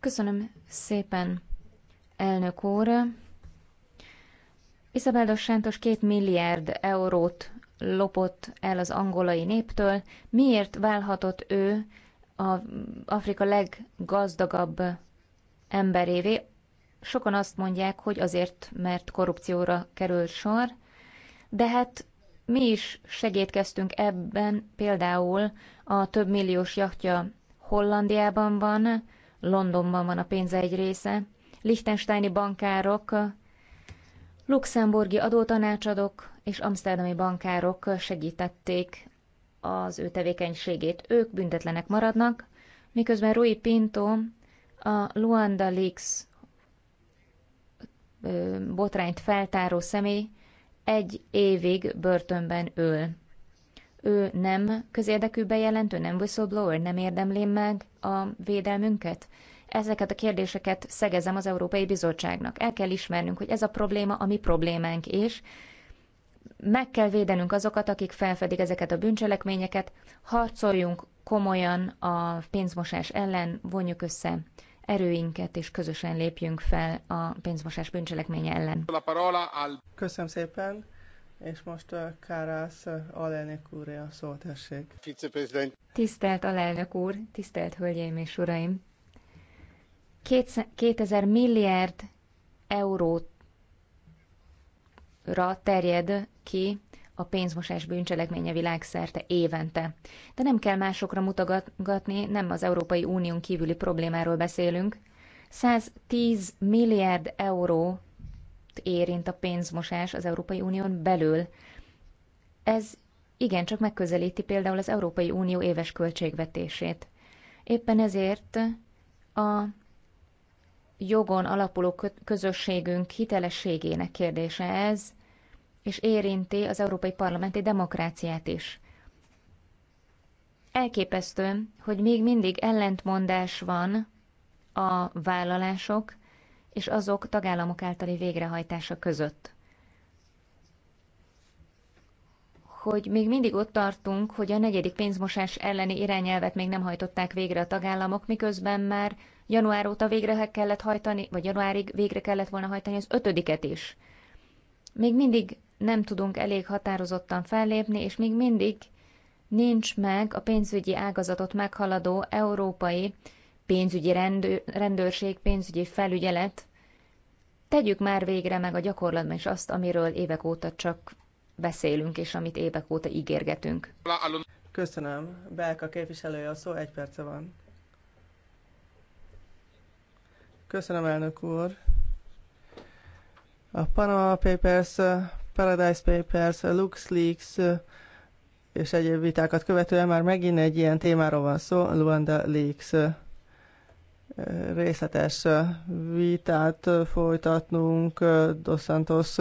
Köszönöm szépen, elnök úr. Isabel dos Santos két milliárd eurót lopott el az angolai néptől, miért válhatott ő a Afrika leggazdagabb emberévé. Sokan azt mondják, hogy azért, mert korrupcióra kerül sor, de hát mi is segítkeztünk ebben, például a több milliós jachtja Hollandiában van, Londonban van a pénze egy része, lichtensteini bankárok Luxemburgi adótanácsadók és amsterdami bankárok segítették az ő tevékenységét. Ők büntetlenek maradnak, miközben Rui Pinto a Luanda Leaks botrányt feltáró személy egy évig börtönben ül. Ő nem közérdekű bejelentő, nem whistleblower, nem érdemli meg a védelmünket. Ezeket a kérdéseket szegezem az Európai Bizottságnak. El kell ismernünk, hogy ez a probléma a mi problémánk és Meg kell védenünk azokat, akik felfedik ezeket a bűncselekményeket. Harcoljunk komolyan a pénzmosás ellen, vonjuk össze erőinket, és közösen lépjünk fel a pénzmosás bűncselekménye ellen. Köszönöm szépen, és most uh, Kárász uh, alelnök úré a szó, tessék. Tisztelt alelnök úr, tisztelt hölgyeim és uraim! 2000 milliárd euróra terjed ki a pénzmosás bűncselekménye világszerte évente. De nem kell másokra mutogatni, nem az Európai Unión kívüli problémáról beszélünk. 110 milliárd euró érint a pénzmosás az Európai Unión belül. Ez igencsak megközelíti például az Európai Unió éves költségvetését. Éppen ezért a jogon alapuló közösségünk hitelességének kérdése ez, és érinti az európai parlamenti demokráciát is. Elképesztő, hogy még mindig ellentmondás van a vállalások és azok tagállamok általi végrehajtása között. Hogy még mindig ott tartunk, hogy a negyedik pénzmosás elleni irányelvet még nem hajtották végre a tagállamok, miközben már január óta végre kellett hajtani, vagy januárig végre kellett volna hajtani az ötödiket is. Még mindig nem tudunk elég határozottan fellépni, és még mindig nincs meg a pénzügyi ágazatot meghaladó európai pénzügyi rendőrség, pénzügyi felügyelet. Tegyük már végre meg a gyakorlatban is azt, amiről évek óta csak beszélünk, és amit évek óta ígérgetünk. Köszönöm. Belka képviselője a szó, egy perce van. Köszönöm, elnök úr. A Panama Papers, uh, Paradise Papers, uh, LuxLeaks uh, és egyéb vitákat követően már megint egy ilyen témáról van szó, Luanda Leaks részletes vitát folytatnunk Dos Santos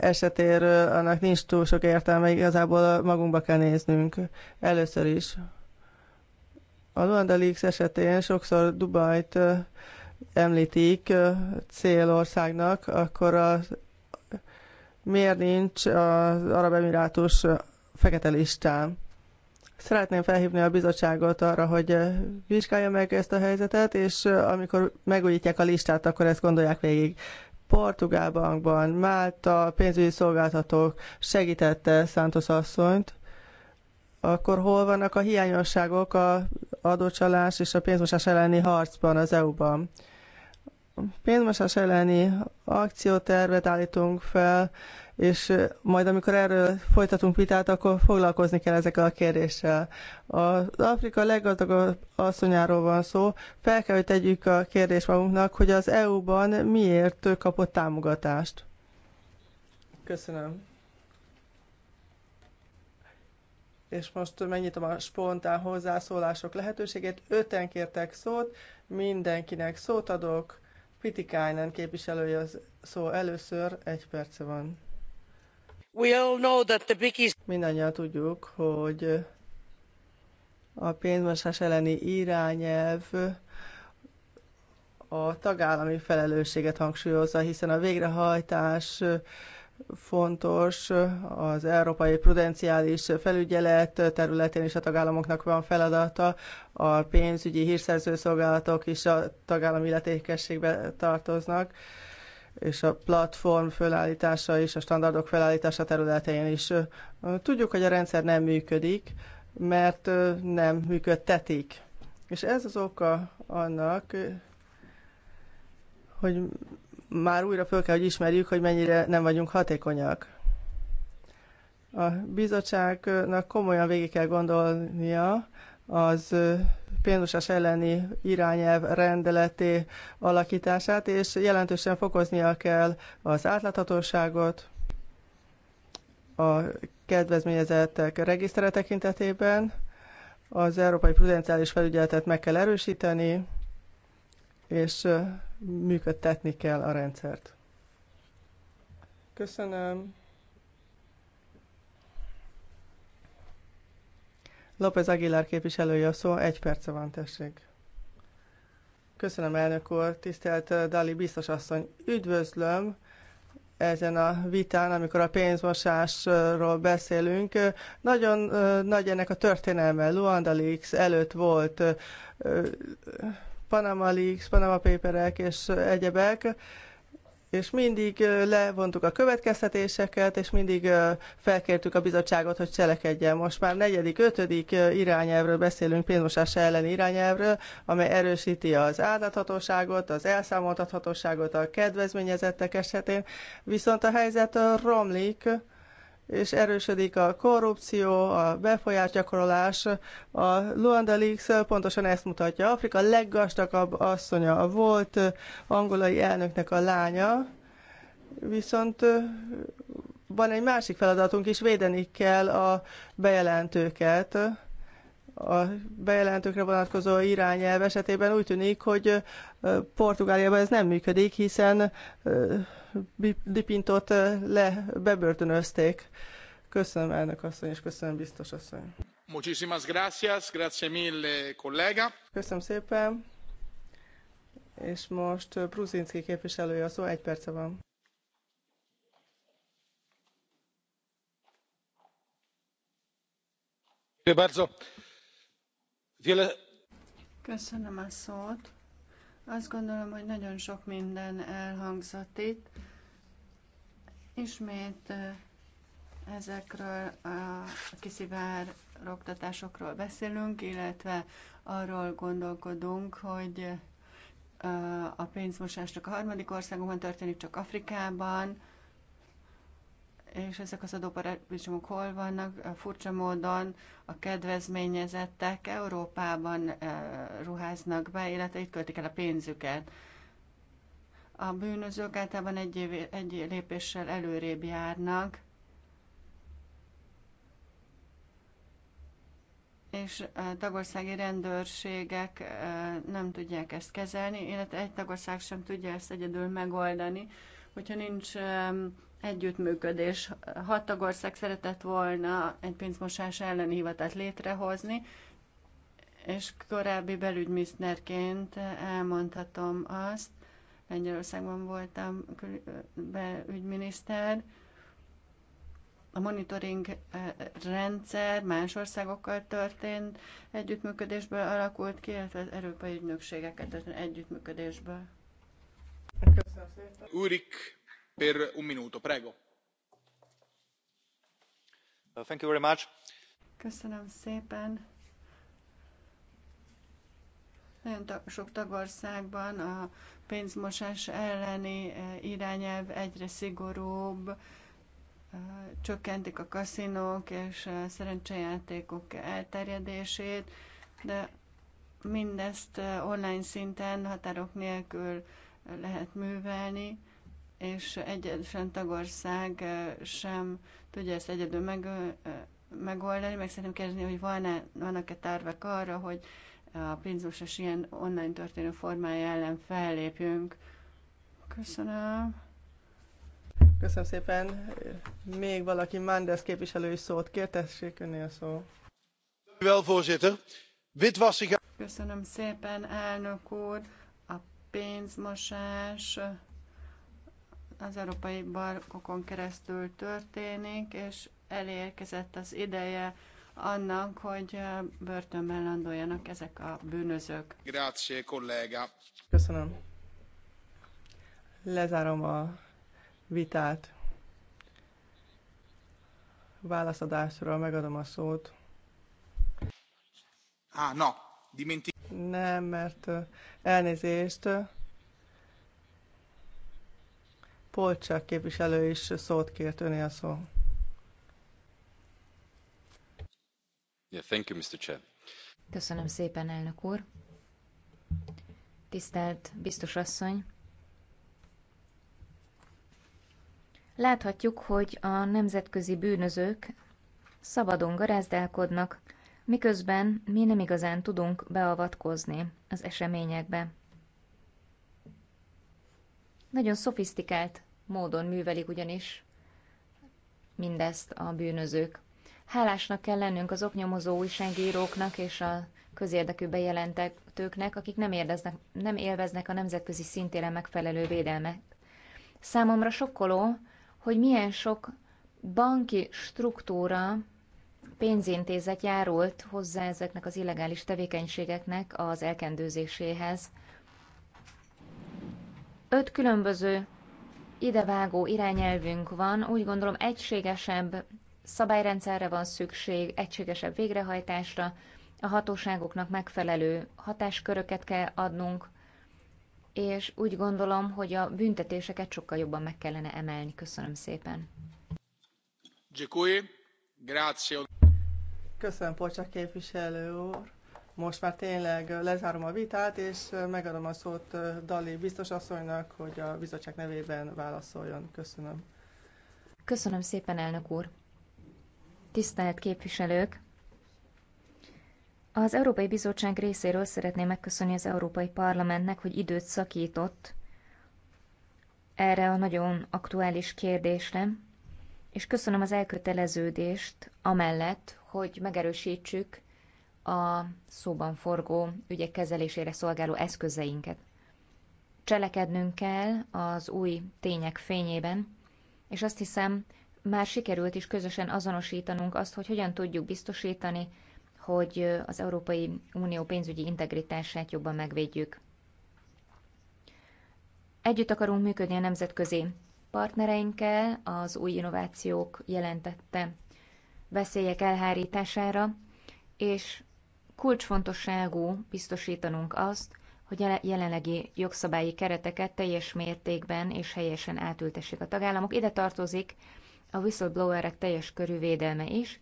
esetéről, annak nincs túl sok értelme, igazából magunkba kell néznünk. Először is a Luanda Leaks esetén sokszor Dubajt említik célországnak, akkor a, miért nincs az Arab Emirátus fekete listán? Szeretném felhívni a bizottságot arra, hogy vizsgálja meg ezt a helyzetet, és amikor megújítják a listát, akkor ezt gondolják végig. Portugál bankban Málta pénzügyi szolgáltatók segítette Santos asszonyt, akkor hol vannak a hiányosságok a adócsalás és a pénzmosás elleni harcban az EU-ban? pénzmosás elleni akciótervet állítunk fel, és majd amikor erről folytatunk vitát, akkor foglalkozni kell ezekkel a kérdéssel. Az Afrika leggazdagabb asszonyáról van szó, fel kell, hogy tegyük a kérdés magunknak, hogy az EU-ban miért kapott támogatást. Köszönöm. és most megnyitom a spontán hozzászólások lehetőségét. Öten kértek szót, mindenkinek szót adok, Pitikainen képviselője az szó először, egy perce van. We all know that the biggest... Mindannyian tudjuk, hogy a pénzmosás elleni irányelv a tagállami felelősséget hangsúlyozza, hiszen a végrehajtás fontos, az európai prudenciális felügyelet területén is a tagállamoknak van feladata, a pénzügyi hírszerző szolgálatok is a tagállami illetékességbe tartoznak, és a platform felállítása és a standardok felállítása területén is. Tudjuk, hogy a rendszer nem működik, mert nem működtetik. És ez az oka annak, hogy már újra föl kell, hogy ismerjük, hogy mennyire nem vagyunk hatékonyak. A bizottságnak komolyan végig kell gondolnia az pénzusás elleni irányelv rendeleté alakítását, és jelentősen fokoznia kell az átláthatóságot a kedvezményezettek regisztere tekintetében, az Európai Prudenciális Felügyeletet meg kell erősíteni, és működtetni kell a rendszert. Köszönöm. López Aguilar képviselője a szó, egy perce van, tessék. Köszönöm, elnök úr. Tisztelt Dali biztos asszony, üdvözlöm ezen a vitán, amikor a pénzmosásról beszélünk. Nagyon nagy ennek a történelme. Luanda Leaks előtt volt Panama Leaks, Panama Paperek és egyebek, és mindig levontuk a következtetéseket, és mindig felkértük a bizottságot, hogy cselekedjen. Most már negyedik, ötödik irányelvről beszélünk, pénzmosás elleni irányelvről, amely erősíti az áldathatóságot, az elszámoltathatóságot a kedvezményezettek esetén, viszont a helyzet romlik, és erősödik a korrupció, a befolyásgyakorolás. A Luanda Leaks pontosan ezt mutatja. Afrika leggazdagabb asszonya volt angolai elnöknek a lánya, viszont van egy másik feladatunk is, védeni kell a bejelentőket a bejelentőkre vonatkozó irányelv esetében úgy tűnik, hogy Portugáliában ez nem működik, hiszen Dipintot le, bebörtönözték. Köszönöm elnök asszony, és köszönöm biztos asszony. Muchísimas gracias, grazie mille, kollega. Köszönöm szépen. És most Pruszinski képviselője a szó, egy perce van. Köszönöm a szót azt gondolom, hogy nagyon sok minden elhangzott itt. Ismét ezekről a kiszivár oktatásokról beszélünk, illetve arról gondolkodunk, hogy a pénzmosásnak a harmadik országokban történik, csak Afrikában, és ezek az adóparadicsomok hol vannak? Furcsa módon a kedvezményezettek Európában eh, ruháznak be, illetve itt költik el a pénzüket. A bűnözők általában egy, év, egy lépéssel előrébb járnak, és a tagországi rendőrségek eh, nem tudják ezt kezelni, illetve egy tagország sem tudja ezt egyedül megoldani, hogyha nincs együttműködés. Hat tagország szeretett volna egy pénzmosás elleni hivatát létrehozni, és korábbi belügyminiszterként elmondhatom azt, Lengyelországban voltam belügyminiszter, a monitoring eh, rendszer más országokkal történt együttműködésből alakult ki, illetve az európai ügynökségeket együttműködésből. Köszönöm szépen. Uh, Köszönöm szépen. Nagyon sok tagországban a pénzmosás elleni eh, irányelv egyre szigorúbb, eh, csökkentik a kaszinók és a szerencsejátékok elterjedését, de mindezt eh, online szinten határok nélkül lehet művelni és egyetlen tagország sem tudja ezt egyedül meg, megoldani, meg szeretném kérdezni, hogy van-e, vannak-e tervek arra, hogy a pénzmosás ilyen online történő formája ellen fellépjünk. Köszönöm. Köszönöm szépen. Még valaki, Manders képviselő is szót kértessék, önnél szó. Köszönöm szépen, elnök úr. A pénzmosás az európai bankokon keresztül történik, és elérkezett az ideje annak, hogy börtönben landoljanak ezek a bűnözők. Grazie, kollega. Köszönöm. Lezárom a vitát. Válaszadásról megadom a szót. Ah, no. Dimenti- Nem, mert elnézést Polcsák képviselő is szót kért, önél szó. Yeah, thank you, Mr. Chair. Köszönöm szépen, elnök úr. Tisztelt biztos asszony, Láthatjuk, hogy a nemzetközi bűnözők szabadon garázdálkodnak, miközben mi nem igazán tudunk beavatkozni az eseményekbe. Nagyon szofisztikált módon művelik ugyanis mindezt a bűnözők. Hálásnak kell lennünk az oknyomozó újságíróknak és a közérdekű bejelentetőknek, akik nem, érdeznek, nem élveznek a nemzetközi szintéren megfelelő védelmet. Számomra sokkoló, hogy milyen sok banki struktúra, pénzintézet járult hozzá ezeknek az illegális tevékenységeknek az elkendőzéséhez. Öt különböző idevágó irányelvünk van, úgy gondolom egységesebb szabályrendszerre van szükség, egységesebb végrehajtásra, a hatóságoknak megfelelő hatásköröket kell adnunk, és úgy gondolom, hogy a büntetéseket sokkal jobban meg kellene emelni. Köszönöm szépen. Köszönöm, Pocsak képviselő úr. Most már tényleg lezárom a vitát, és megadom a szót Dali biztos hogy a bizottság nevében válaszoljon. Köszönöm. Köszönöm szépen, elnök úr. Tisztelt képviselők! Az Európai Bizottság részéről szeretném megköszönni az Európai Parlamentnek, hogy időt szakított erre a nagyon aktuális kérdésre, és köszönöm az elköteleződést amellett, hogy megerősítsük a szóban forgó ügyek kezelésére szolgáló eszközeinket. Cselekednünk kell az új tények fényében, és azt hiszem, már sikerült is közösen azonosítanunk azt, hogy hogyan tudjuk biztosítani, hogy az Európai Unió pénzügyi integritását jobban megvédjük. Együtt akarunk működni a nemzetközi partnereinkkel az új innovációk jelentette veszélyek elhárítására, és Kulcsfontosságú biztosítanunk azt, hogy a jelenlegi jogszabályi kereteket teljes mértékben és helyesen átültessék a tagállamok. Ide tartozik a whistleblowerek teljes körű védelme is,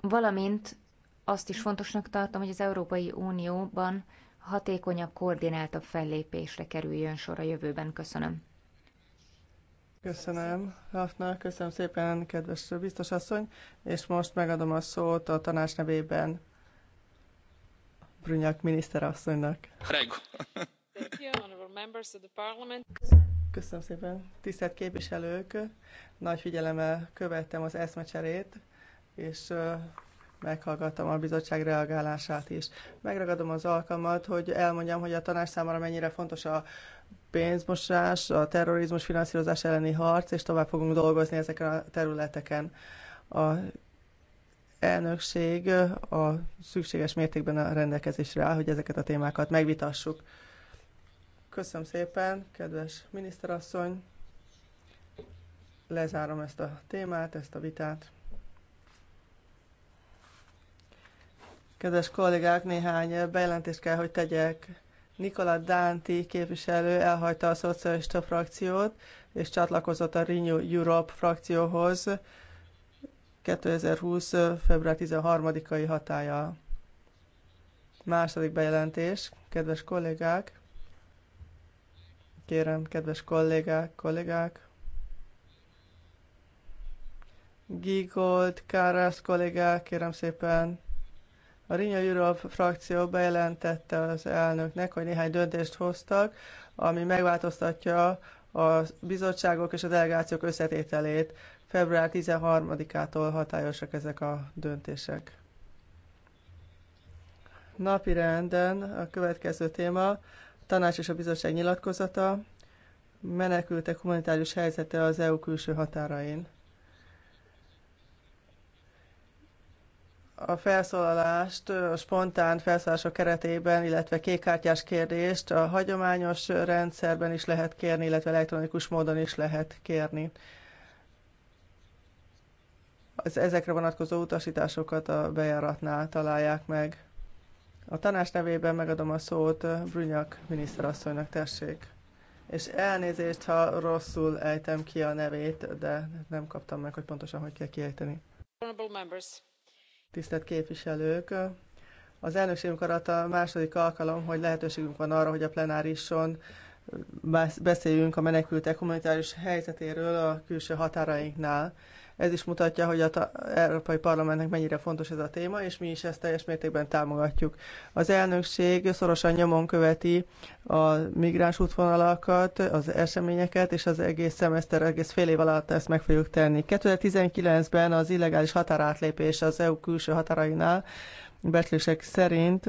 valamint azt is fontosnak tartom, hogy az Európai Unióban hatékonyabb, koordináltabb fellépésre kerüljön sor a jövőben. Köszönöm. Köszönöm, Rafna, köszönöm szépen, kedves biztos asszony, és most megadom a szót a tanács nevében Brunyak miniszterasszonynak. Köszönöm szépen. Tisztelt képviselők, nagy figyelemmel követtem az eszmecserét, és meghallgattam a bizottság reagálását is. Megragadom az alkalmat, hogy elmondjam, hogy a tanács számára mennyire fontos a pénzmosás, a terrorizmus finanszírozás elleni harc, és tovább fogunk dolgozni ezeken a területeken. A elnökség a szükséges mértékben a rendelkezésre áll, hogy ezeket a témákat megvitassuk. Köszönöm szépen, kedves miniszterasszony! Lezárom ezt a témát, ezt a vitát. Kedves kollégák, néhány bejelentést kell, hogy tegyek. Nikola Dánti képviselő elhagyta a szocialista frakciót, és csatlakozott a Renew Europe frakcióhoz. 2020. február 13-ai hatája. Második bejelentés, kedves kollégák, kérem, kedves kollégák, kollégák, Gigold, Kárász kollégák, kérem szépen, a Rinya Europe frakció bejelentette az elnöknek, hogy néhány döntést hoztak, ami megváltoztatja a bizottságok és a delegációk összetételét február 13-ától hatályosak ezek a döntések. Napi renden a következő téma a tanács és a bizottság nyilatkozata, menekültek humanitárius helyzete az EU külső határain. a felszólalást a spontán felszólalások keretében, illetve kékkártyás kérdést a hagyományos rendszerben is lehet kérni, illetve elektronikus módon is lehet kérni az ezekre vonatkozó utasításokat a bejáratnál találják meg. A tanács nevében megadom a szót Brunyak miniszterasszonynak, tessék. És elnézést, ha rosszul ejtem ki a nevét, de nem kaptam meg, hogy pontosan hogy kell kiejteni. Tisztelt képviselők! Az elnökségünk alatt a második alkalom, hogy lehetőségünk van arra, hogy a plenárison beszéljünk a menekültek humanitárius helyzetéről a külső határainknál. Ez is mutatja, hogy az Európai Parlamentnek mennyire fontos ez a téma, és mi is ezt teljes mértékben támogatjuk. Az elnökség szorosan nyomon követi a migráns útvonalakat, az eseményeket, és az egész szemeszter, egész fél év alatt ezt meg fogjuk tenni. 2019-ben az illegális határátlépés az EU külső határainál betlések szerint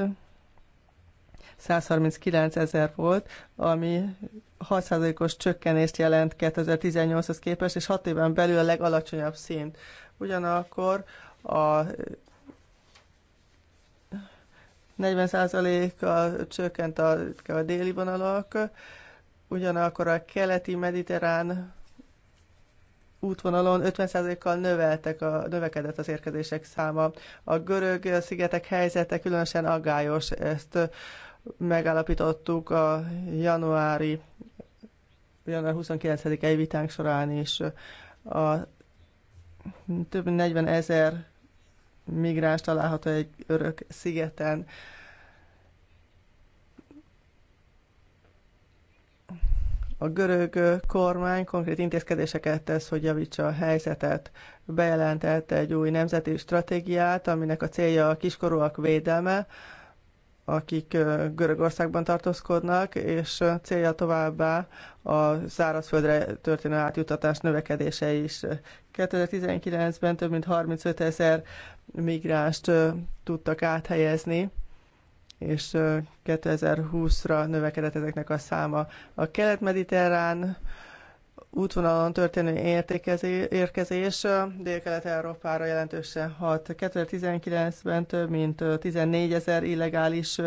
139 ezer volt, ami 6%-os csökkenést jelent 2018-hoz képest, és 6 éven belül a legalacsonyabb szint. Ugyanakkor a 40%-kal csökkent a, a déli vonalak, ugyanakkor a keleti mediterrán útvonalon 50%-kal növeltek a, növekedett az érkezések száma. A görög szigetek helyzete különösen aggályos, ezt megállapítottuk a januári, január 29-i vitánk során is. A több mint 40 ezer migráns található egy örök szigeten. A görög kormány konkrét intézkedéseket tesz, hogy javítsa a helyzetet. Bejelentette egy új nemzeti stratégiát, aminek a célja a kiskorúak védelme, akik Görögországban tartózkodnak, és célja továbbá a szárazföldre történő átjutatás növekedése is. 2019-ben több mint 35 ezer migránst tudtak áthelyezni, és 2020-ra növekedett ezeknek a száma. A kelet-mediterrán útvonalon történő érkezés Dél-Kelet-Európára jelentősen hat. 2019-ben több mint 14 ezer illegális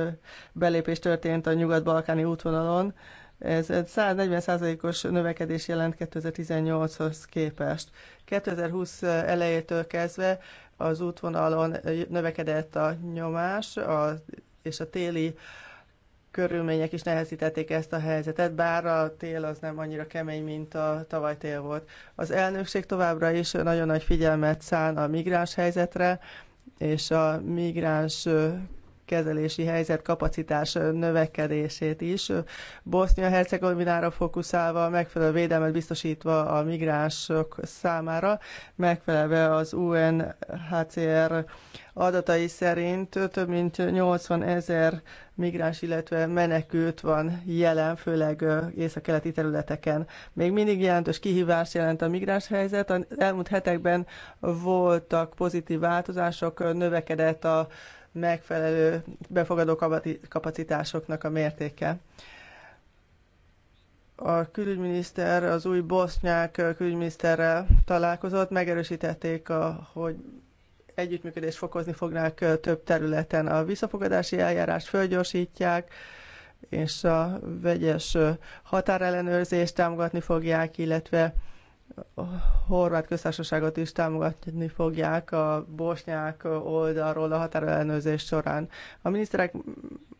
belépés történt a nyugat-balkáni útvonalon. Ez 140%-os növekedés jelent 2018-hoz képest. 2020 elejétől kezdve az útvonalon növekedett a nyomás a, és a téli körülmények is nehezítették ezt a helyzetet, bár a tél az nem annyira kemény, mint a tavaly tél volt. Az elnökség továbbra is nagyon nagy figyelmet szán a migráns helyzetre, és a migráns kezelési helyzet kapacitás növekedését is. Bosznia-Hercegovinára fókuszálva, megfelelő védelmet biztosítva a migránsok számára, megfelelve az UNHCR adatai szerint több mint 80 ezer migráns, illetve menekült van jelen, főleg észak-keleti területeken. Még mindig jelentős kihívás jelent a migráns helyzet. Az elmúlt hetekben voltak pozitív változások, növekedett a megfelelő befogadó kapacitásoknak a mértéke. A külügyminiszter az új bosznyák külügyminiszterrel találkozott, megerősítették, a, hogy együttműködést fokozni fognák több területen. A visszafogadási eljárást fölgyorsítják, és a vegyes határellenőrzést támogatni fogják, illetve a horvát köztársaságot is támogatni fogják a bosnyák oldalról a határellenőrzés során. A miniszterek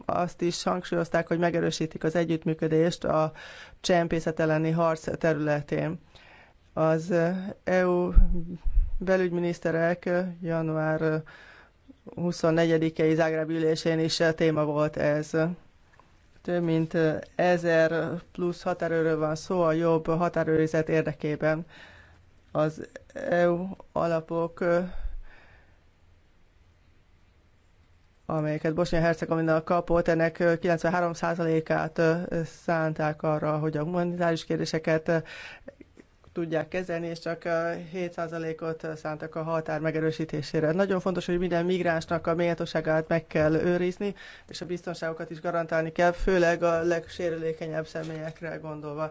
azt is hangsúlyozták, hogy megerősítik az együttműködést a csempészet elleni harc területén. Az EU belügyminiszterek január 24-i Zágráb ülésén is téma volt ez több mint ezer plusz határőről van szó a jobb határőrizet érdekében. Az EU alapok, amelyeket Bosnia-Hercegovina kapott, ennek 93%-át szánták arra, hogy a humanitárius kérdéseket tudják kezelni, és csak 7%-ot szántak a határ megerősítésére. Nagyon fontos, hogy minden migránsnak a méltóságát meg kell őrizni, és a biztonságokat is garantálni kell, főleg a legsérülékenyebb személyekre gondolva.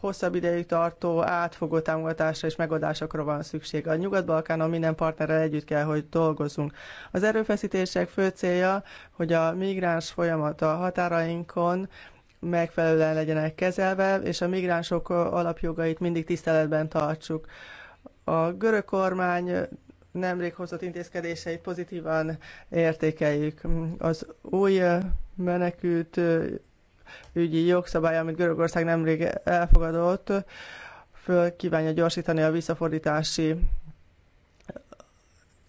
Hosszabb ideig tartó átfogó támogatásra és megoldásokra van szükség. A Nyugat-Balkánon minden partnerrel együtt kell, hogy dolgozzunk. Az erőfeszítések fő célja, hogy a migráns folyamat a határainkon megfelelően legyenek kezelve, és a migránsok alapjogait mindig tiszteletben tartsuk. A görög kormány nemrég hozott intézkedéseit pozitívan értékeljük. Az új menekült ügyi jogszabály, amit Görögország nemrég elfogadott, föl kívánja gyorsítani a visszafordítási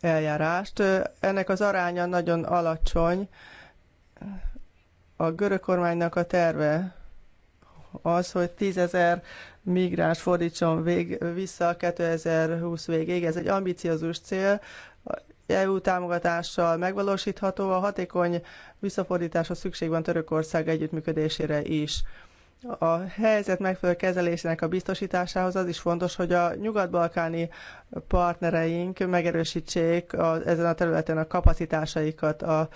eljárást. Ennek az aránya nagyon alacsony, a görög kormánynak a terve az, hogy tízezer migráns fordítson vég, vissza 2020 végéig. Ez egy ambiciózus cél, EU támogatással megvalósítható, a hatékony visszafordításra szükség van Törökország együttműködésére is a helyzet megfelelő kezelésének a biztosításához az is fontos, hogy a nyugat-balkáni partnereink megerősítsék a, ezen a területen a kapacitásaikat. A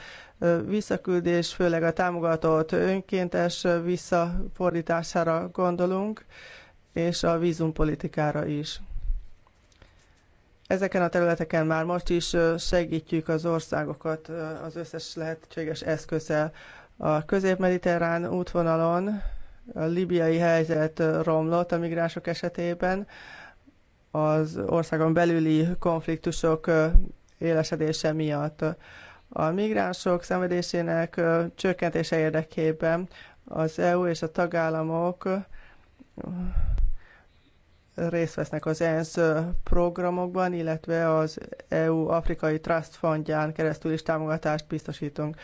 visszaküldés, főleg a támogatott önkéntes visszafordítására gondolunk, és a vízumpolitikára is. Ezeken a területeken már most is segítjük az országokat az összes lehetséges eszközzel. A közép-mediterrán útvonalon a libiai helyzet romlott a migránsok esetében, az országon belüli konfliktusok élesedése miatt. A migránsok szenvedésének csökkentése érdekében az EU és a tagállamok részt vesznek az ENSZ programokban, illetve az EU Afrikai Trust Fundján keresztül is támogatást biztosítunk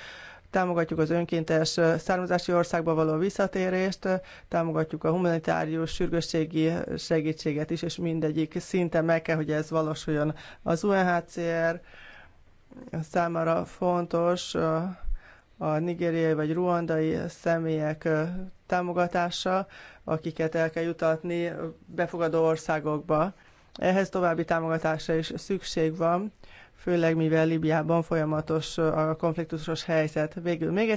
támogatjuk az önkéntes származási országba való visszatérést, támogatjuk a humanitárius sürgősségi segítséget is, és mindegyik szinten meg kell, hogy ez valósuljon. Az UNHCR számára fontos a nigériai vagy ruandai személyek támogatása, akiket el kell jutatni befogadó országokba. Ehhez további támogatásra is szükség van főleg mivel Libiában folyamatos a konfliktusos helyzet. Végül még egy